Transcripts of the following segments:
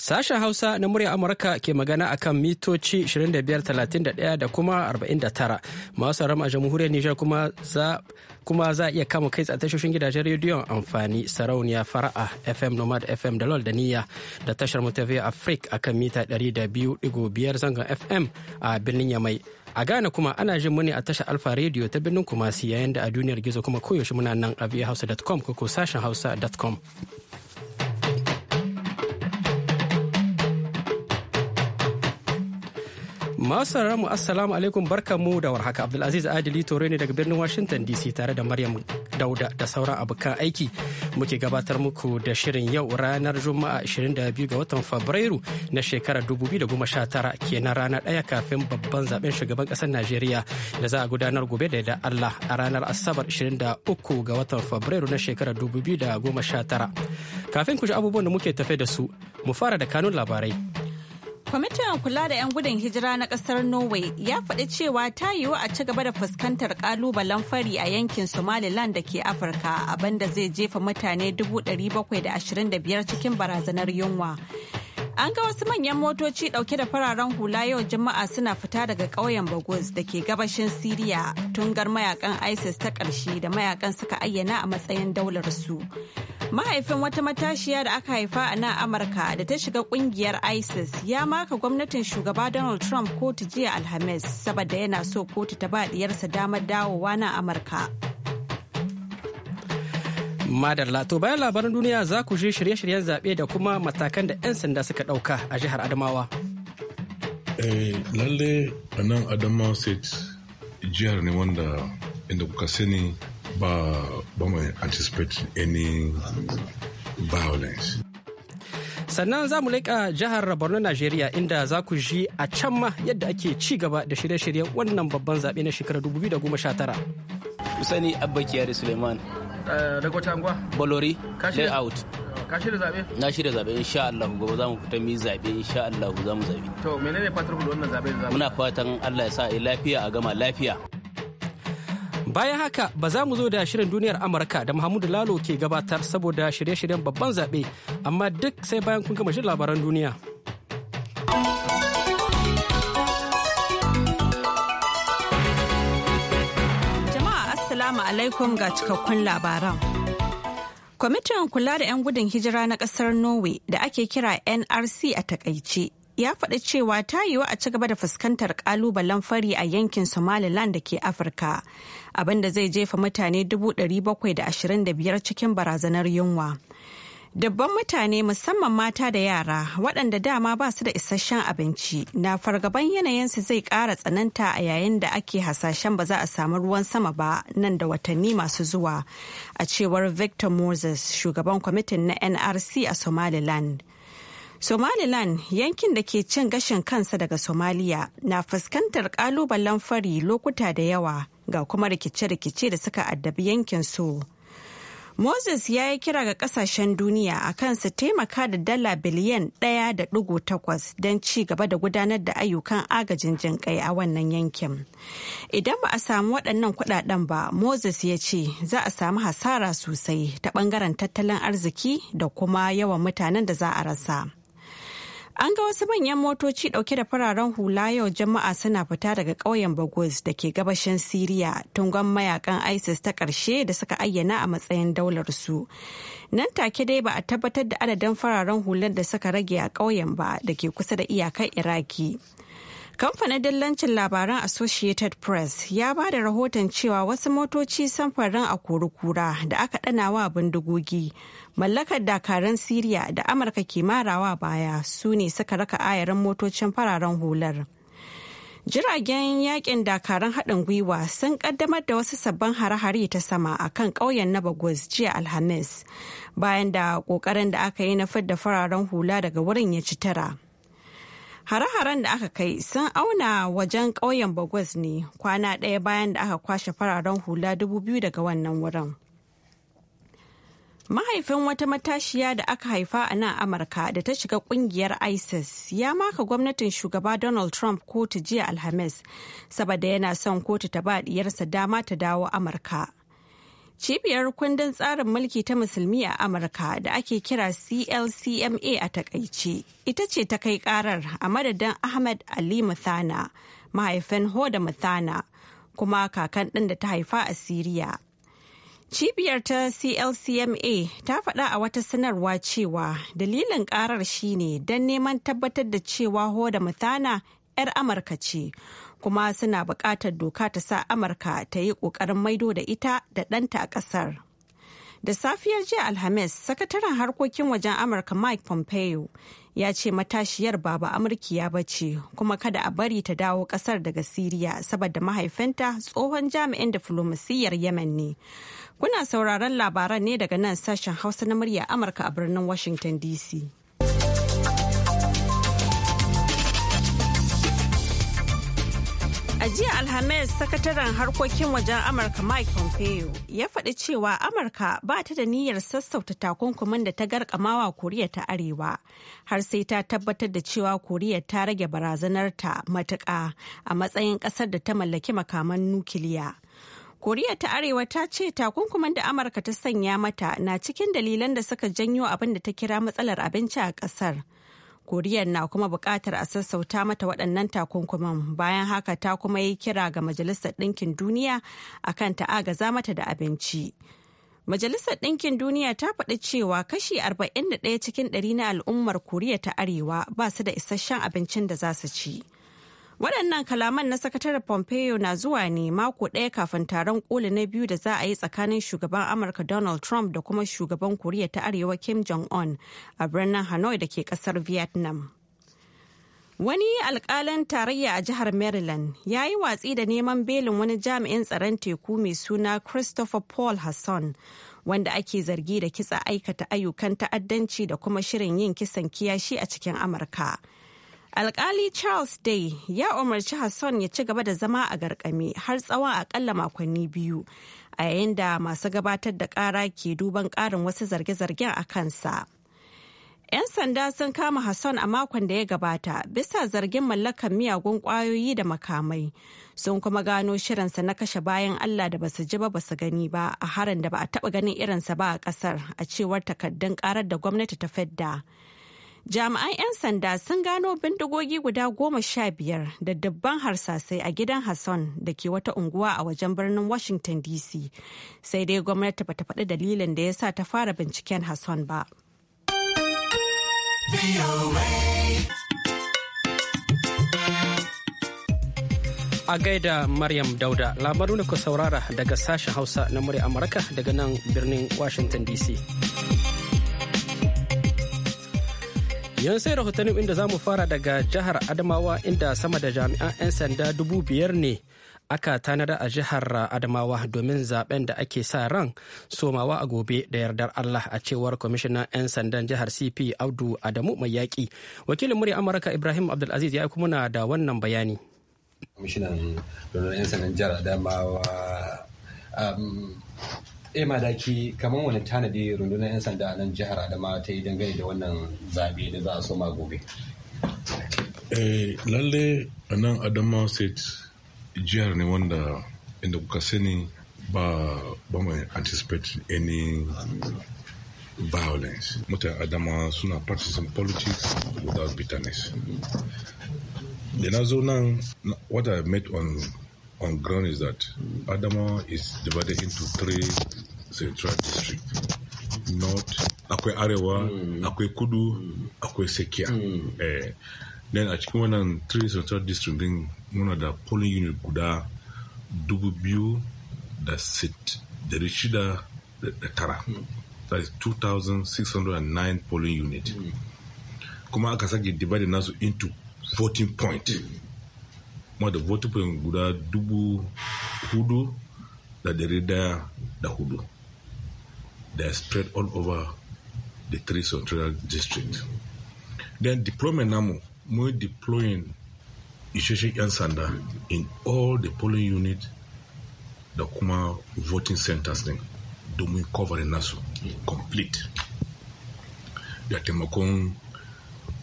Sashen Hausa na murya Amurka ke magana a kan mitoci 2531 da kuma 49. Masu rama a jamhuriyar Nijar kuma za a iya kama kai tashoshin gidajen rediyon amfani sarauniya fara'a fm nomad fm da lol da niyya da tashar mutafiya afrik a kan mita 200.5 zangon fm a birnin yamai a ghana kuma ana jin muni a tashar alfa radio ta birnin kumasi yayin da a duniyar gizo kuma koyaushe muna nan a vhausa.com ko sashen hausa.com Masu mu assalamu alaikum barkanmu da warhaka Abdulaziz Adili Tore ne daga birnin Washington DC tare da Maryam Dauda da sauran abokan aiki muke gabatar muku da shirin yau ranar Juma'a 22 ga watan Fabrairu na shekarar 2019 kenan rana ɗaya kafin babban zaben shugaban ƙasar Najeriya da za a gudanar gobe da da Allah a ranar Asabar 23 ga watan Fabrairu na shekarar 2019. Kafin ku ji abubuwan da muke tafe da su mu fara da kanun labarai. Kwamitin kula da 'yan gudun hijira na ƙasar Norway ya faɗi cewa ta yiwu a ci gaba da fuskantar kalubalen fari a yankin Somaliland da ke Afirka abinda zai jefa mutane 725 cikin barazanar yunwa. An ga wasu manyan motoci ɗauke da fararen hula yau Juma'a suna fita daga ƙauyen Bagos da ke gabashin Siriya tungar mayakan ISIS ta ƙarshe da mayakan suka ayyana a matsayin daular su. mahaifin wata matashiya da aka haifa a nan amurka da ta shiga kungiyar isis ya maka gwamnatin shugaba donald trump kotu jiya alhamis saboda yana so kotu ta ba diyarsa damar dawowa na amurka madalla to bayan labaran duniya za ku shi shirye-shiryen zaɓe da kuma matakan da 'yan sanda suka ɗauka a jihar adamawa eh, lalle a nan adamawa state jihar ne wanda inda kuka sani ba mu anticipate any violence sannan za mu leƙa jihar borno najeriya inda za ku ji a can ma yadda ake ci gaba da shirye-shiryen wannan babban zaɓe na shekarar 2019 usani abba kiyari suleiman eh, daga angwa bolori layout ka shirya zabe na shirya zabe insha Allah gobe za mu fita mu zabe insha Allah za mu zabe to menene fatar ku da wannan zabe da muna fatan Allah ya sa a lafiya a gama lafiya Bayan haka ba za mu zo da shirin duniyar Amurka da Muhammadu Lalo ke gabatar saboda shirye-shiryen babban zaɓe, amma duk sai bayan kun gama shi labaran duniya. Jama'a Assalamu alaikum ga cikakkun labaran. Kwamitin kula da 'yan gudun hijira na ƙasar Norway da ake kira NRC a takaice ya faɗi cewa ta yiwu a ci gaba da fuskantar ƙalubalen fari a yankin somaliland da ke afirka abinda zai jefa mutane 725 cikin barazanar yunwa dabban mutane musamman mata da yara waɗanda dama ba su da isasshen abinci na fargaban yanayinsu zai ƙara tsananta a yayin da ake hasashen ba za a samu ruwan sama ba nan da watanni masu zuwa a cewar victor moses shugaban kwamitin na nrc a somaliland somaliland yankin da ke cin gashin kansa daga somaliya na fuskantar kalubalen fari lokuta da yawa ga kuma rikice-rikice da suka addabi yankin su moses ya yi kira ga kasashen duniya a kan su taimaka da dala biliyan da takwas don ci gaba da gudanar da ayyukan agajin jinkai a wannan yankin idan ba a samu waɗannan kuɗaɗen ba moses ya ce za a samu hasara sosai ta ɓangaren tattalin arziki da kuma yawan mutanen da za a rasa An ga wasu manyan motoci dauke da fararen hula yau jama'a suna fita daga ƙauyen Bagos da ke gabashin Siriya tungon mayakan ISIS ta ƙarshe da suka ayyana a matsayin daularsu, Nan take dai ba a tabbatar da adadin fararen hular da suka rage a ƙauyen ba da ke kusa da iyakan Iraki. Kamfanin dillancin labaran Associated Press ya ba da rahoton cewa wasu motoci samfarin a kura da aka ɗana wa bindigogi mallakar dakaran siriya da amurka ke marawa baya su ne suka raka ayaran motocin fararen hular jiragen yakin dakaran haɗin gwiwa sun kaddamar da wasu sabbin hare-hare ta sama a kan ƙauyen na bagos jiya alhamis bayan da ƙoƙarin da aka yi na fidda fararen hula daga wurin ya ci tara hare-haren da aka kai sun auna wajen ƙauyen bagos ne kwana ɗaya bayan da aka kwashe fararen hula dubu biyu daga wannan wurin Mahaifin wata matashiya da aka haifa a nan Amurka da ta shiga kungiyar ISIS ya maka gwamnatin shugaba Donald Trump kotu jiya Alhamis, saboda yana son kotu ta ba diyarsa dama ta dawo Amurka. Cibiyar kundin tsarin mulki ta musulmi a Amurka da ake kira CLCMA a takaice, ita ce ta kai karar a madadin Ahmed Ali Muthana, mahaifin Hoda Muthana, kuma kakan ɗin da ta haifa a Siriya. Cibiyar ta CLCMA ta faɗa a wata sanarwa cewa dalilin ƙarar shine don neman tabbatar da cewa Hoda mutana 'yar Amurka ce, kuma suna buƙatar doka ta sa Amurka ta yi ƙoƙarin maido da ita da ɗanta a ƙasar. da safiyar jiya alhamis sakataren harkokin wajen amurka mike pompeo ya ce matashiyar baba amurkiya ba ce kuma kada a bari ta dawo kasar daga siriya saboda mahaifinta tsohon jami'in diflomasiyyar yemen ne kuna sauraron labaran ne daga nan sashen hausa na murya amurka a birnin washington dc A jiya Alhamis, sakataren harkokin wajen Amurka Mike Pompeo ya faɗi cewa Amurka ba ta da niyyar sassauta takunkumin da ta garkamawa Koriya ta Arewa, har sai ta tabbatar da cewa Koriya ta rage barazanarta matuƙa a matsayin ƙasar da ta mallaki makaman nukiliya. koriya ta arewa ta ce takunkumin da amurka ta sanya mata na cikin dalilan da suka janyo abin da ta kira matsalar abinci a ƙasar. koriya na kuma bukatar a sassauta mata waɗannan takunkumin bayan haka ta kuma yi kira ga majalisar ɗinkin duniya akan ta agaza mata da abinci Majalisar Ɗinkin Duniya ta faɗi cewa kashi 41 cikin ɗari na al'ummar Koriya ta Arewa ba su da isasshen abincin da za su ci. Waɗannan kalaman na sakataren Pompeo na zuwa ne mako ɗaya kafin taron ƙoli na biyu da za a yi tsakanin shugaban Amurka Donald Trump da kuma shugaban Koriya ta Arewa Kim Jong-un a birnin Hanoi da ke ƙasar Vietnam. Wani alƙalin tarayya a jihar Maryland ya yi watsi da neman belin wani jami'in tsaron teku mai suna Christopher Paul Hassan wanda ake zargi da kitsa aikata ayyukan ta'addanci da kuma shirin yin kisan kiyashi a cikin Amurka. alkali charles day ya umarci hassan ya ci gaba da zama a garkami har tsawon akalla makonni biyu a yayin da masu gabatar da kara ke duban karin wasu zarge-zargen a kansa 'yan sanda sun kama hassan a makon da ya gabata bisa zargin mallakar miyagun kwayoyi da makamai sun kuma gano shirinsa na kashe bayan allah da basu ji ba basu gani ba a harin da ba a taba ganin irinsa ba a kasar a cewar takaddun karar da gwamnati ta fadda. Jami'an 'yan sanda sun gano bindigogi guda goma sha biyar da dabban harsasai a gidan Hassan da ke wata unguwa a wajen birnin Washington DC. Sai dai gwamnati ba ta faɗi dalilin da ya sa ta fara binciken Hassan ba. a gaida Maryam Dauda labaru ne ku saurara daga sashen Hausa na murya Amurka daga nan birnin Washington DC. yanzu sai rahotannin inda za mu fara daga jihar adamawa inda sama da jami'an 'yan sanda dubu biyar ne aka tanada a jihar adamawa domin zaben da ake sa ran somawa a gobe da yardar allah a cewar kwamishinan 'yan sandan jihar cp audu adamu mai yaƙi wakilin murya amurka ibrahim abdulaziz ya kuma na da wannan bayani kwamishinan 'yan sandan jihar adamawa um, eh madaki kamar wani tanadi rundunar 'yan sanda a nan jihar adama ta yi dangane da wannan zabe da za a soma gobe eh lalle a nan adama state jihar ne wanda inda kuka sani ba ba mai anticipate any violence mutane adama suna practicing politics without bitterness da na zo nan what i met on on ground is that adama is divided into three central districts. North, akwai arewa, mm. akwai kudu, mm. akwai Mm. Eh, then a cikin wannan three central district din muna da polling unit guda dubu biyu da sit da shida da tara. Mm. That is 2,609 polling unit. Kuma aka sake divided nasu into 14 points. Mm. kuma da votufin guda dubu hudu da dari daya da hudu da spread all over the three central district then deployment namu mu deploying isheshen yan sanda in all the polling unit da kuma voting centers din domin covering nasu complete da taimakon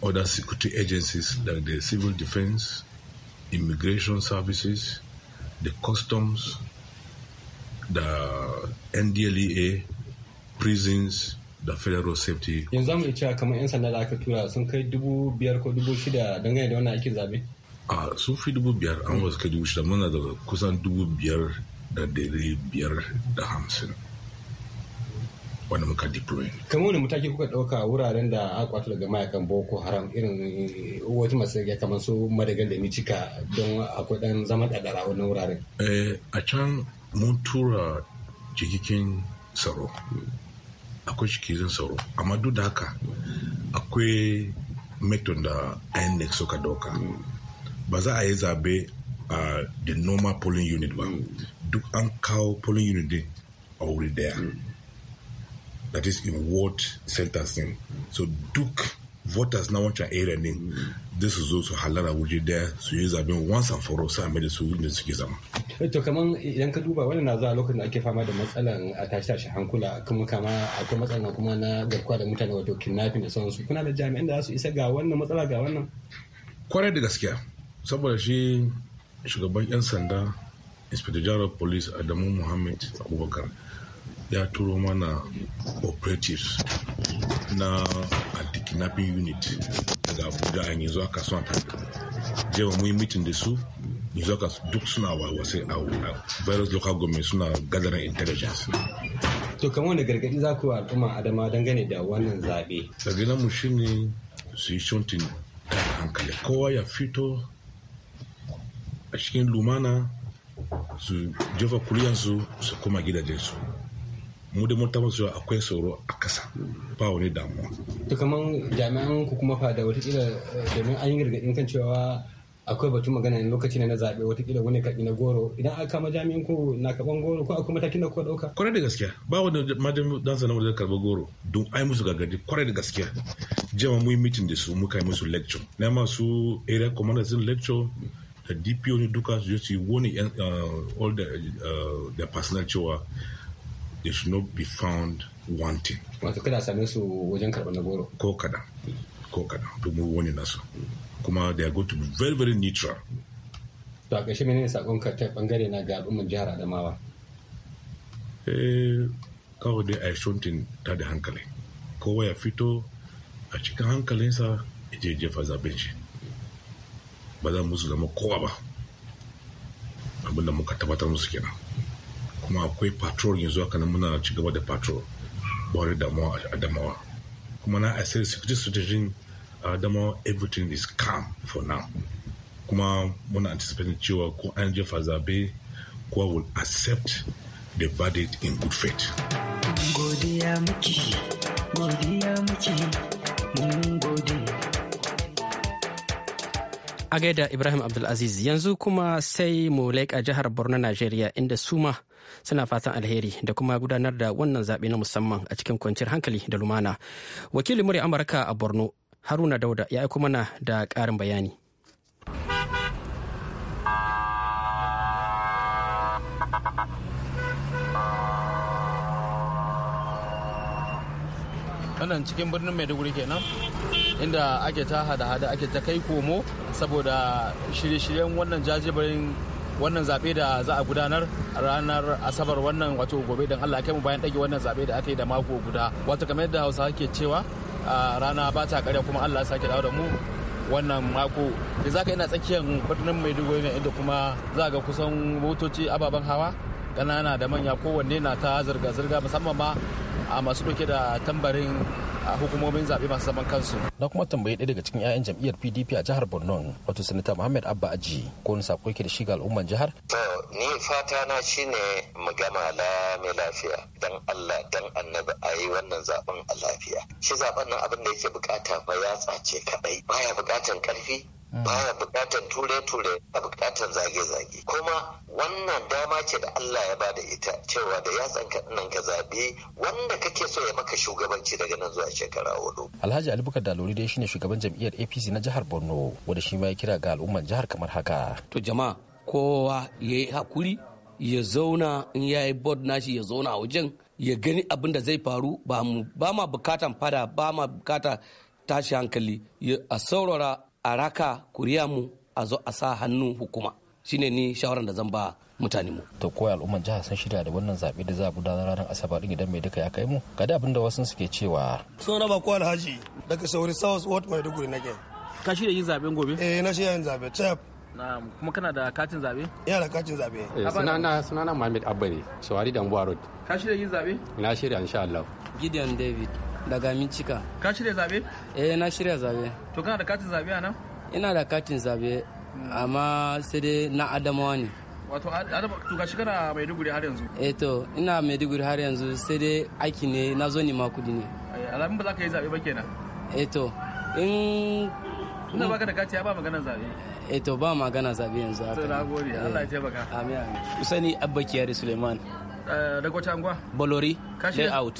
other security agencies like the civil defense immigration services the customs the ndlea prisons da federal safety yanzu mu cewa kamar 'yan sanda da aka tura sun kai dubu biyar ko dubu shida dangane da wannan aikin zabe a sun fi dubu biyar an wasu kai dubu shida muna da kusan dubu biyar da dari biyar da hamsin wanda muka deploy. kamar wani mataki kuka dauka wuraren da aka kwato daga mayakan boko haram irin eh, wata masu ya kamar su madagal da cika don akwai ɗan zama ɗaɗara wannan wuraren. Eh, a can mun tura jikikin tsaro akwai jikikin tsaro amma duk da haka akwai metod da inec suka ɗauka ba za a yi zabe a the normal polling unit ba duk an kawo polling unit din a wuri daya that is in ward centers din so duk voters na wancan area ne da su zo su halara waje daya su yi zaben once and for all sai da su da suke zama. to kaman idan ka duba wannan na a lokacin da ake fama da matsalan a tashi tashi hankula kuma kama akwai matsalan kuma na garkuwa da mutane wato kidnapping da sauransu kuna da jami'an da za su isa ga wannan matsala ga wannan. kwarai da gaskiya saboda shi shugaban yan sanda inspector general police adamu muhammad abubakar ya turo mana operatives na anti-kidnapping unit daga abuja a yanzu aka son attack jewa mun yi mitin da su yanzu aka duk suna wasai a various local government suna gathering intelligence to kamar da gargadi za ku al'umma adama dangane da wannan zaɓe gargadin mu shine su yi shuntin hankali kowa ya fito a cikin lumana su jefa kuriyansu su kuma gidajensu mu da mun tabbata cewa akwai tsoro a kasa ba wani damuwa to kaman jami'an ku kuma fa da watakila eh, domin an yi gargadin kan cewa akwai batun magana ne lokaci na zaɓe watakila wani kaɗi na goro idan aka kama jami'an ku na karɓan goro ko akwai matakin da ku ɗauka. kwarai da gaskiya ba wani majami dan sanar da karɓar goro don ai musu gagadi kwarai da gaskiya jama mu yi mitin da su muka yi musu lecture na masu area commanders in lecture da dpo ne duka su yi wani eh, all eh, the personnel cewa they should not be found wanting. Wato kada same su wajen karɓar na goro. Ko kada, ko kada, mu wani nasu. Kuma they are going to be very very neutral. To a ƙarshe menene sakon ka ta bangare na ga al'ummar jihar Adamawa? Eh, kawai dai a shuntin ta da hankali. Kowa ya fito a cikin hankalinsa ya je jefa zaben shi. Ba za mu musu zama kowa ba. Abin da muka tabbatar musu kenan. kuma akwai patrol yanzu haka nan muna ci gaba da patrol bore damuwa a damawa kuma na asir security situation uh, a damawa everything is calm for now kuma muna anticipate cewa ko an jefa zabe ko will accept the verdict in good faith. Godiya muke, godiya muke, mun godiya. A gaida Ibrahim Abdulaziz yanzu kuma sai mu laika jihar Borno Najeriya inda suma suna fatan alheri da kuma gudanar da wannan zaɓe na musamman a cikin kwanciyar hankali da lumana. Wakilin murya Amurka a Borno Haruna Dauda ya aiko mana da ƙarin bayani. nan cikin birnin maiduguri kenan inda ake ta hada-hada ake ta kai komo saboda shirye-shiryen wannan jajibirin wannan zaɓe da za a gudanar ranar asabar wannan wato gobe don allah kai mu bayan ɗage wannan zaɓe da aka yi da mako guda wato kamar yadda hausa ke cewa rana ba ta karya kuma allah sake dawo da mu wannan mako da za ka ina tsakiyar birnin maiduguri ne inda kuma za ga kusan motoci ababen hawa ƙanana da manya kowanne na ta zirga-zirga musamman ma a masu ɗauke da tambarin hukumomin zaɓe masu zaman kansu. Na kuma tambayi ɗaya daga cikin 'ya'yan jam'iyyar PDP a jihar Borno wato Sanata Muhammad Abba Aji ko wani sako yake da shi ga al'umman jihar? ni fata na shine mu gama lami lafiya dan Allah dan annabi a yi wannan zaben a lafiya. Shi zaɓen nan abin da yake bukata ba ya tsace kaɗai baya bukatan ƙarfi baya bukatan ture-ture a bukatan zage-zage kuma wannan dama ce da Allah ya bada ita cewa da yatsan ka nan ka zabe wanda kake so ya maka shugabanci daga nan zuwa shekara hudu Alhaji Alibukar Dalori dai shine shugaban jam'iyyar APC na jihar Borno wanda shi ma ya kira ga al'umman jihar kamar haka to jama'a kowa ya yi hakuri ya zauna in ya yayi bod nashi ya zauna a wajen ya gani abin da zai faru ba ma bukatan fada ba ma bukata tashi hankali a saurara a raka kuriya mu a zo a sa hannun hukuma shine ni shawaran da zan ba mutane mu. To koyi al'umman jihar sun shirya da wannan zaɓe da za a gudanar ranar Asabar din idan mai duka ya kai mu. Ga da abin da wasu suke cewa. Sun raba ko alhaji daga sauri South Ward Maiduguri nake. Ka shirya yin zaɓen gobe? Eh na shirya yin zaɓe. Chef kuma kana da katin zabe? Ina da katin zabe. Eh, eh, sunana sunana Muhammad Abba ne, Shawari Dambuwa Road. Ka shirya yin zabe? Na shirya insha Allah. Gideon David. daga Mincika. Ka shirya zabe? Eh na shirya zabe. To kana da katin zabe a nan? Ina da katin zabe amma sai dai na Adamawa ne. Wato to ga shekara Maiduguri har yanzu? Eh to ina Maiduguri har yanzu sai dai aiki ne na zo ne makudi ne. Eh, alamun ba za ka yi zabe ba kenan. Eh to in Ina baka da kaciya ba maganar zabe. Eh to ba magana zabe yanzu haka. To nagode eh, Allah ya taimaka. Amin amin. Usaini Abba Kiyari Suleiman. Eh, daga wata anguwa? Bolori. Layout.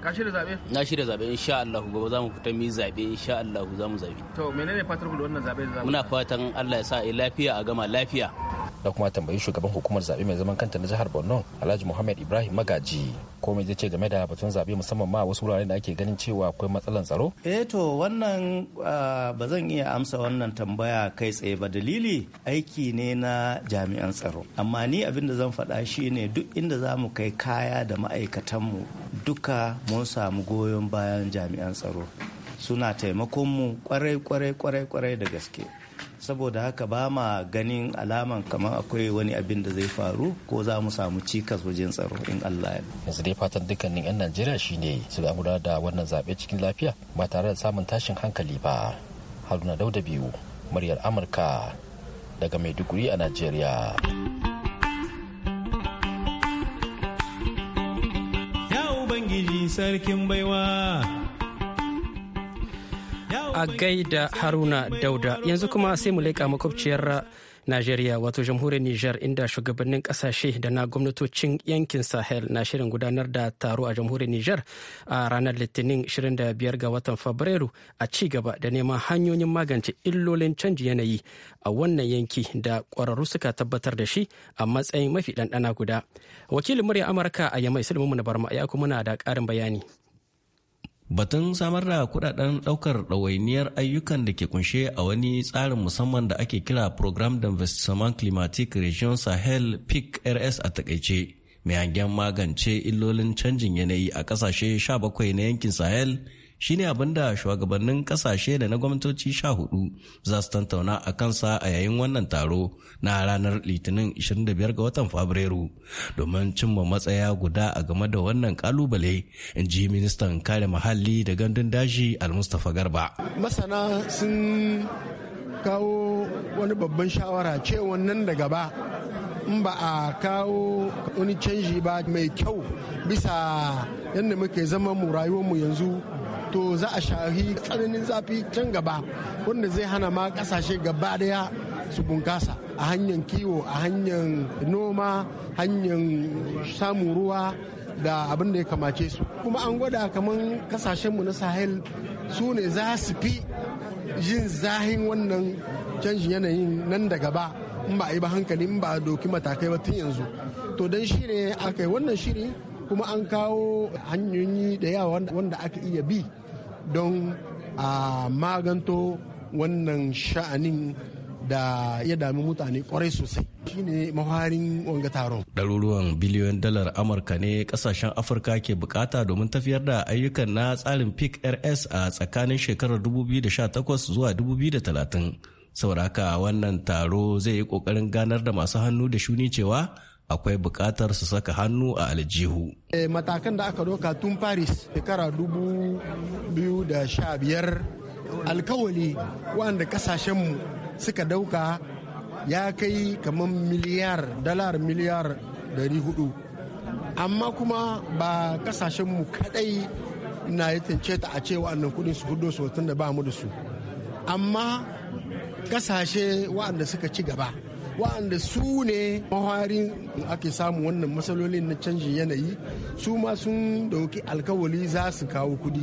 ka shirya zabe na shirya zabe insha Allah gobe za mu fita mi zabe insha Allah za mu zabe to menene fatar ku da wannan zabe muna fatan Allah ya sa lafiya a gama lafiya da kuma tambayi shugaban hukumar zaɓe mai zaman kanta na jihar borno alhaji muhammad ibrahim magaji ko zai ce game da batun zaɓe musamman ma wasu wurare da ake ganin cewa akwai matsalan tsaro eh to wannan ah, ba zan iya amsa wannan tambaya kai tsaye ba dalili aiki ne na jami'an tsaro amma ni abin da zan faɗa shine duk inda za mu kai kaya da ma'aikatan mu duka mun samu goyon bayan jami'an tsaro suna taimakonmu kwarai kwarai kwarai kwarai da gaske saboda haka ba ma ganin alaman kamar akwai wani abin da zai faru ko za mu samu cikas wajen tsaro in Allah ya yanzu dai fatan dukkanin 'yan Najeriya shine su ga gudanar da wannan zaɓe cikin lafiya ba tare da samun tashin hankali ba Haruna Dauda biyu muryar Amurka daga Maiduguri a Najeriya. Ya Ubangiji sarkin baiwa. a gaida haruna dauda yanzu kuma sai mu leƙa makwabciyar najeriya wato jamhuriyar niger inda shugabannin kasashe da na gwamnatocin yankin sahel na shirin gudanar da taro a jamhuriyar niger a ranar litinin 25 ga watan fabrairu a ci gaba da neman hanyoyin magance illolin canji yanayi a wannan yanki da ƙwararru suka tabbatar da shi a matsayin mafi ɗanɗana guda wakilin murya amurka a yamai sulmu na barma ya kuma na da ƙarin bayani Batun samar da kudaden daukar ɗawainiyar ayyukan da ke kunshe a wani tsarin musamman da ake kira Program d'Investissement Climatique Region Sahel PIC RS a takaice, mai hangen magance illolin canjin yanayi a ƙasashe 17 na yankin Sahel shine abin da shugabannin kasashe da na gwamnatoci sha hudu za su tantauna a kansa a yayin wannan taro na ranar litinin 25 ga watan fabrairu domin cimma matsaya guda a game da wannan kalubale in ji ministan kare muhalli da gandun daji almustafa garba masana sun kawo wani babban shawara ce wannan da gaba in ba a kawo wani canji ba mai kyau bisa yadda muke zama mu rayuwar mu yanzu to za a shahi tsananin zafi can gaba wanda zai hana ma kasashe gaba daya su bunkasa a hanyar kiwo a hanyar noma hanyar samun ruwa da abin da ya kamace su kuma an gwada kamar kasashenmu na sahel su ne za su fi yin zahin wannan canjin yanayin nan da gaba in ba a yi ba hankali in ba a doki matakai ba tun yanzu to don shi ne aka yi wannan shiri kuma an kawo hanyoyi da yawa wanda aka iya bi don a maganto wannan sha'anin da ya dami mutane kwarai sosai shine mafarin wanga taron. Ɗaruruwan biliyon dalar Amurka ne ƙasashen Afirka ke bukata domin tafiyar da ayyukan na tsarin PIC RS a tsakanin shekarar 2018 zuwa 2030. Sauraka wannan taro zai yi ƙoƙarin ganar da masu hannu da shuni cewa akwai bukatar su saka hannu a aljihu. Eh, matakan da aka doka tun paris shekara dubu biyu da sha biyar alkawali wanda kasashenmu suka dauka ya kai kamar miliyar dalar miliyar dari hudu amma kuma ba kasashenmu kadai na yi ta a ce wa'annan kudin su hudu su da ba mu da su amma kasashe wa'anda suka ci gaba waɗanda su ne maharin ake samu wannan matsalolin na canjin yanayi su ma sun dauki alkawali za su kawo kudi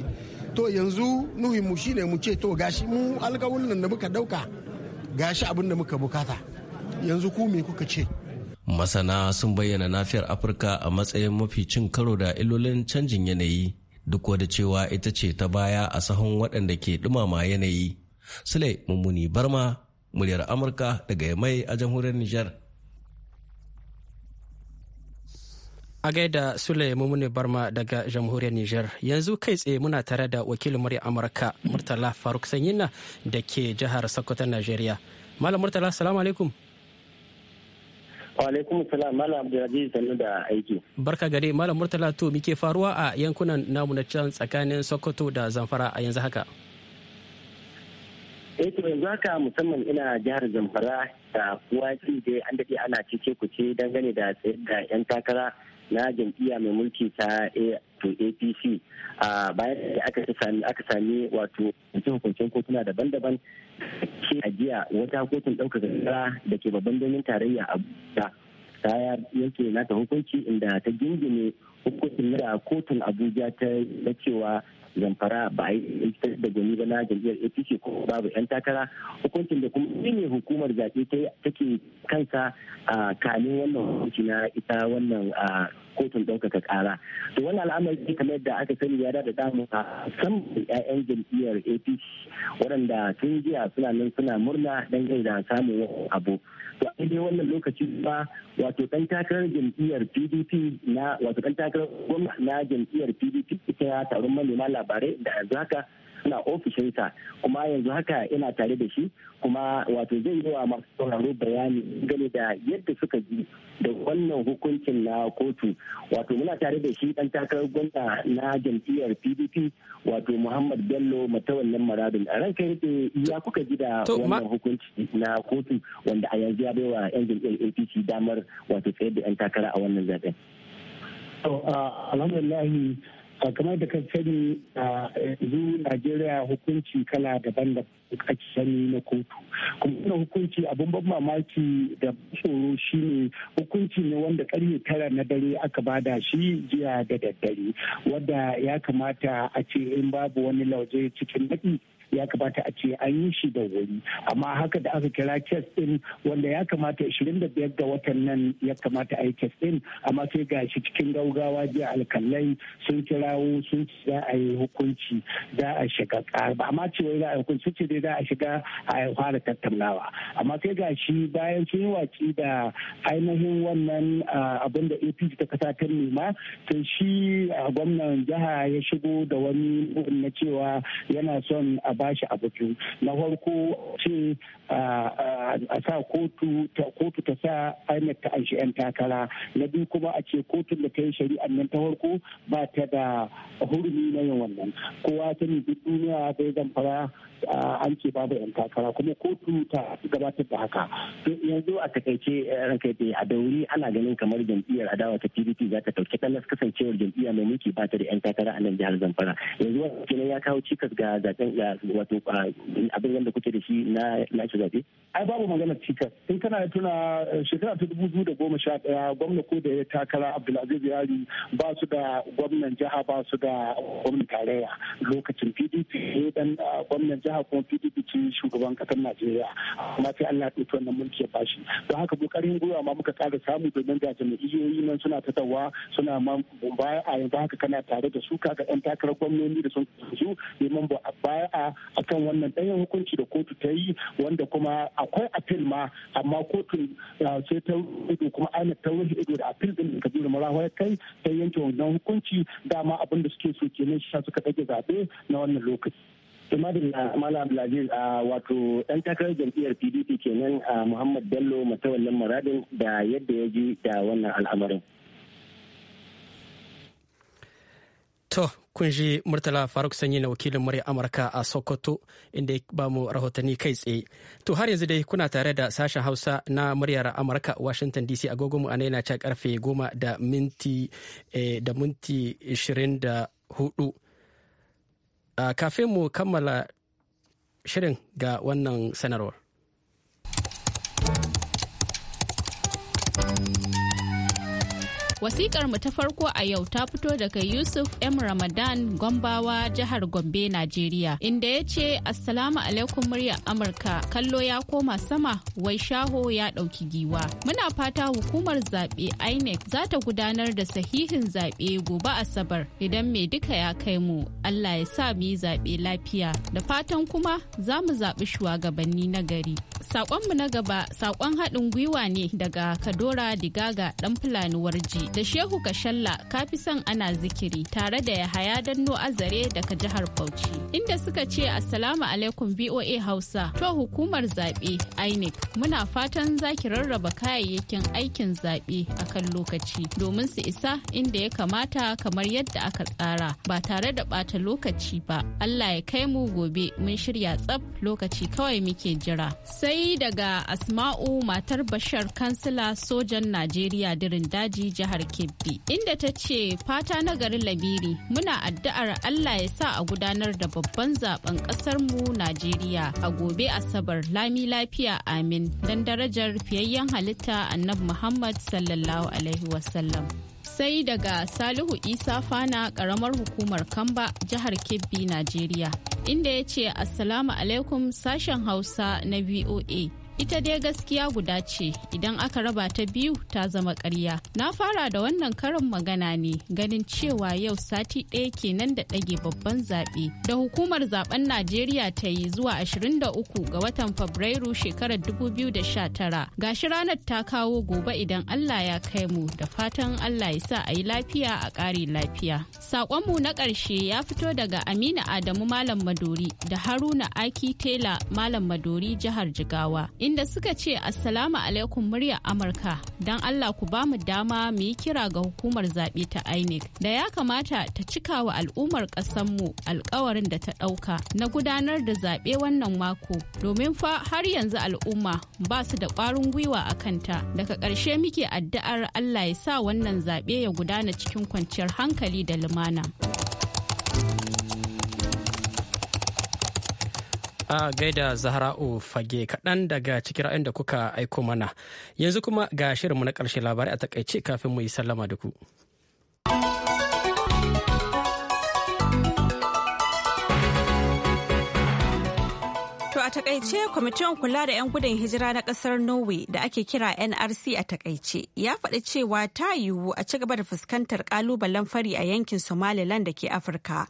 to yanzu nuhinmu shine mu ce to gashi mu alkawalin da muka dauka gashi abin da muka bukata yanzu ku me kuka ce masana sun bayyana nafiyar afirka a matsayin mafi cin karo da illolin canjin yanayi duk da cewa ita ce ta baya a sahun waɗanda ke dumama yanayi sule mummuni barma muryar amurka daga yamai a jamhuriyar nijar a gaida sule mumuni barma daga jamhuriyar niger yanzu kai tsaye muna tare da wakilin murya amurka murtala faruk sanyina da ke jihar sokoto nigeria malam murtala salamu alaikum alaikum salam malam abdulaziz sannu da aiki barka gare malam murtala to muke faruwa a yankunan namu na can tsakanin sokoto da zamfara a yanzu haka eh to yanzu haka musamman ina jihar zamfara da kuwa dai an dade ana cece kuce dangane da tsayar da 'yan takara na jam'iyya mai mulki ta to a bayan da aka sami aka sami wato hukuncin kotuna daban-daban ke a jiya wata kotun ɗaukar kara da ke babban birnin tarayya abuja ta yanke nata hukunci inda ta gingine hukuncin da kotun abuja ta cewa zamfara ba a yi da gani ba na jam'iyyar apc ko babu yan takara hukuncin da kuma ne hukumar zaɓe take kansa kamin wannan hukunci na ita wannan kotun ɗaukaka ƙara to wani al'amari kamar yadda aka sani ya dada damu a san 'ya'yan jam'iyyar apc waɗanda tun jiya suna nan suna murna dangane da samun abu to a dai wannan lokaci ba wato ɗan takarar jam'iyyar pdp na wato ɗan takarar gwamna na jam'iyyar pdp ita ya taron manema labarai da yanzu na ofishinsa kuma yanzu haka ina tare da shi kuma wato zai yi wa masu sauraro bayani gane da yadda suka ji da wannan hukuncin na kotu wato muna tare da shi dan takarar gwamna na jam'iyyar pdp wato muhammad bello matawallan maradin a ranka yadda ya kuka ji da wannan hukunci na kotu wanda a yanzu ya baiwa yan jam'iyyar apc damar wato tsayar da yan takara a wannan zaben. alhamdulillah a ah, kamar da ka sani a ah, yanzu najeriya hukunci kala daban da ake sani na kotu kuma hukunci abin ban mamaki da tsoro shine hukunci ne wanda karye tara na dare aka bada shi jiya da daddare wadda ya kamata a ce in babu wani lauje cikin daɗi ya kamata a ce an yi shi da wuri amma haka da aka kira kes din wanda ya kamata 25 ga watan nan ya kamata a yi kes din amma sai ga shi cikin gaugawa jiya alkalai sun kirawo sun ce za a yi hukunci za a shiga ba amma cewa za a yi hukunci ce dai za a shiga a fara tattaunawa amma sai ga shi bayan sun yi watsi da ainihin wannan abin da apc ta kasa ta nema sai shi gwamnan jiha ya shigo da wani na cewa yana son bashi abu biyu na farko ce a sa kotu ta sa INEC ta anshi 'yan takara na biyu kuma a ce kotun da ta yi shari'an nan ta farko ba ta da hurumi na yin wannan kowa ta ne duk duniya yi zamfara an ce babu 'yan takara kuma kotu ta gabatar da haka yanzu a takaice eh, rankai dai a dauri ana ganin kamar jam'iyyar adawa ta pdp za ta ɗauki ɗalas kasancewar jam'iyya mai mulki ba ta da 'yan takara a nan jihar zamfara yanzu wani ya kawo cikas ga zaben wato abin wanda kuke da shi na na shi zabe ai babu magana cikas in kana tuna eh, shekara ta dubu biyu da goma sha daya gwamna ko da ya takara abdulaziz yari ba su da gwamnan jiha ba su da gwamnan tarayya lokacin pdp ne dan eh, gwamnan jiha kuma pdp ce shugaban kasar najeriya amma sai allah ya wannan mulki ya bashi don haka ƙoƙarin gwiwa ma muka kara samu domin ga jami'iyoyi nan suna ta suna ma baya a yanzu haka kana tare da su kaga ɗan takarar gwamnoni da sun su neman ba a akan wannan ɗayan hukunci da kotu ta yi wanda kuma akwai apil ma amma kotun ah, sai ta ido kuma aina ta rufe ido da apil din da kabiru marawa ya kai ta yanke wannan hukunci dama abin da suke so kenan shi suka ɗage zaɓe na wannan lokaci. Tumadilla Malam Abdulaziz a ah, wato ɗan takarar jam'iyyar PDP kenan ah, Muhammad Bello matawallin Maradin da yadda ya ji da wannan al'amarin. To, kun ji Murtala Faruk Sanyi na wakilin murya Amurka a Sokoto inda ya ba mu rahotanni kai tsaye. To har yanzu dai kuna tare da sashen Hausa na muryar Amurka Washington DC a mu a na ta karfe goma da minti eh, da minti ishirin da hudu. Ah, kafin mu kammala shirin ga wannan sanarwar. Wasikar mu ta farko a yau ta fito daga Yusuf M. Ramadan Gombawa jihar Gombe, Najeriya, inda ya ce Assalamu alaikum murya Amurka kallo ya koma sama wai shaho ya ɗauki giwa. Muna fata hukumar zaɓe INEC za ta gudanar da sahihin zaɓe gobe Asabar idan mai duka ya kai mu Allah ya sa mu yi zaɓe lafiya da fatan kuma za mu zaɓi shugabanni na gari. Sakonmu na gaba sakon haɗin gwiwa ne daga Kadora Digaga ɗan Fulani Warji da Shehu Kashalla kafi son ana zikiri tare da Yahaya Danno Azare daga jihar Bauchi. Inda suka ce Assalamu alaikum BOA Hausa to hukumar zaɓe INEC muna fatan za ki rarraba kayayyakin aikin zaɓe a kan lokaci domin su isa inda ya kamata kamar yadda aka tsara ba tare da ɓata lokaci ba. Allah ya kai mu gobe mun shirya tsaf lokaci kawai muke jira. Sai sai daga Asma'u matar Bashar kansila sojan Najeriya dirin daji jihar Kebbi inda ta ce fata na garin Labiri muna addu'ar Allah ya sa a gudanar da babban zaben mu Najeriya a gobe Asabar lami lafiya amin don darajar fiyayyen halitta annabi Muhammad sallallahu alaihi wasallam. sai daga Salihu Isa Fana karamar hukumar Kamba jihar Kebbi Najeriya inda ya ce assalamu alaikum sashen hausa na voa ita dai gaskiya guda ce idan aka raba ta biyu ta zama ƙarya na fara da wannan karin magana ne ganin cewa yau sati ɗaya kenan da ɗage babban zaɓe da hukumar zaben najeriya ta yi zuwa 23 ga watan fabrairu shekarar 2019 gashi ranar ta kawo gobe idan allah ya kai mu da fatan allah ya sa a yi lafiya a ƙari lafiya saƙonmu na ƙarshe ya fito daga amina adamu malam madori da haruna aki tela malam madori jihar jigawa inda suka ce assalamu alaikum murya amurka don allah ku ba mu dama mu yi kira ga hukumar zaɓe ta inec da ya kamata ta cika wa al'ummar ƙasanmu alkawarin da ta ɗauka na gudanar da zaɓe wannan mako domin fa har yanzu al'umma ba su da ƙwarin gwiwa a kanta daga ƙarshe muke addu'ar allah ya sa wannan zaɓe ya gudana cikin kwanciyar hankali da lumana. a gaida zahra'u fage kaɗan daga cikin ra'ayin da kuka aiko mana yanzu kuma ga shirinmu na ƙarshe labarai a takaice kafin mu yi sallama da ku. a takaice kwamitin kula da 'yan gudun hijira na kasar Norway da ake kira NRC a takaice ya faɗi cewa ta yiwu a ci gaba da fuskantar kalubalen fari a yankin Somaliland da ke Afirka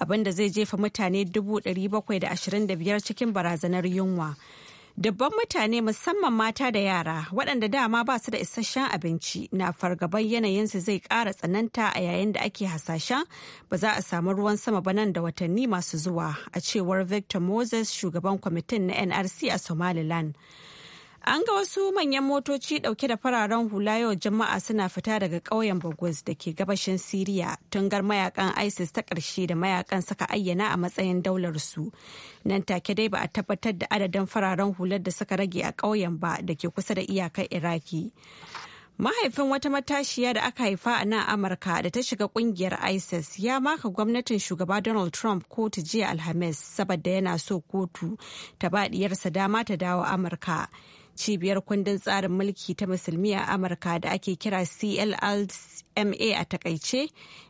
abinda zai jefa mutane 725 cikin barazanar yunwa. Dabban mutane musamman mata da yara waɗanda dama ba su da isasshen abinci na fargabar yanayinsu zai ƙara tsananta a yayin da ake hasashen ba za a samu ruwan sama ba nan da watanni masu zuwa a cewar Victor Moses shugaban kwamitin na NRC a Somaliland. An ga wasu manyan motoci dauke da fararen hula yau jama'a suna fita daga ƙauyen Bagwas da ke gabashin Siriya tun gar mayakan ISIS ta ƙarshe da mayakan suka ayyana a matsayin daular su. Nan take dai ba a tabbatar da adadin fararen hular da suka rage a ƙauyen ba da ke kusa da iyakar Iraki. Mahaifin wata matashiya da aka haifa a nan Amurka da ta shiga kungiyar ISIS ya maka gwamnatin shugaba Donald Trump kotu jiya Alhamis saboda yana so kotu ta ba diyarsa dama ta dawo Amurka. cibiyar kundin tsarin mulki ta musulmi a amurka da ake kira clma a takaice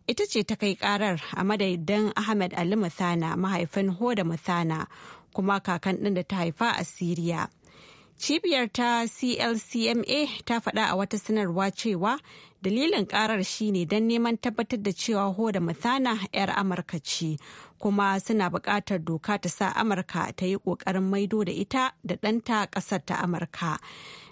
ita ce ta kai karar a madaidan ahmed ali muthana mahaifin hoda muthana kuma kakan ɗin da ta haifa a siriya cibiyar ta clcma ta faɗa a wata sanarwa cewa dalilin karar shine don neman tabbatar da cewa hoda muthana 'yar amurka ce kuma suna buƙatar doka ta sa amurka ta yi ƙoƙarin maido da ita da ɗanta ƙasar ta amurka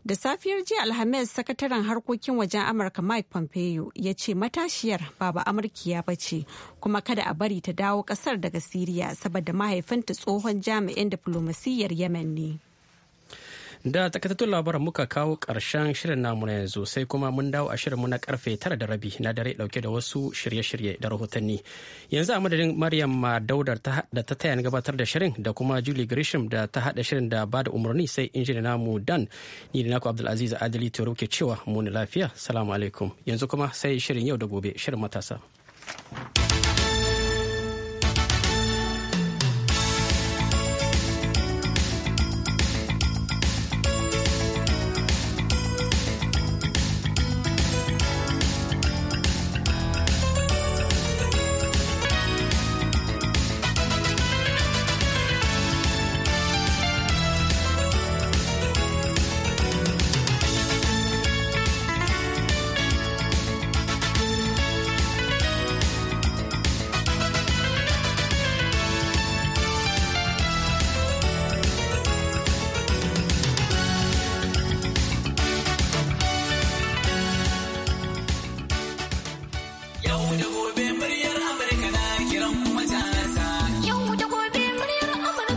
da safiyar jiya alhamis sakataren harkokin wajen amurka mike pompeo ya ce matashiyar baba amurkiya ba ce kuma kada a bari ta dawo ƙasar daga siriya saboda mahaifinta tsohon jami'in diflomasiyyar yemen ne Da takatattun labaran muka kawo ƙarshen shirin namu na yanzu sai kuma mun dawo a shirinmu na karfe tara da rabi na dare ɗauke da wasu shirye-shirye da rahotanni. Yanzu a madadin Maryam Daudar da ta taya gabatar da shirin da kuma Julie Grisham da ta haɗa shirin da ba da umarni sai injiniya namu Dan ni da naku Abdulaziz Adili turu ke cewa mu lafiya. Salamu alaikum. Yanzu kuma sai shirin yau da gobe shirin matasa.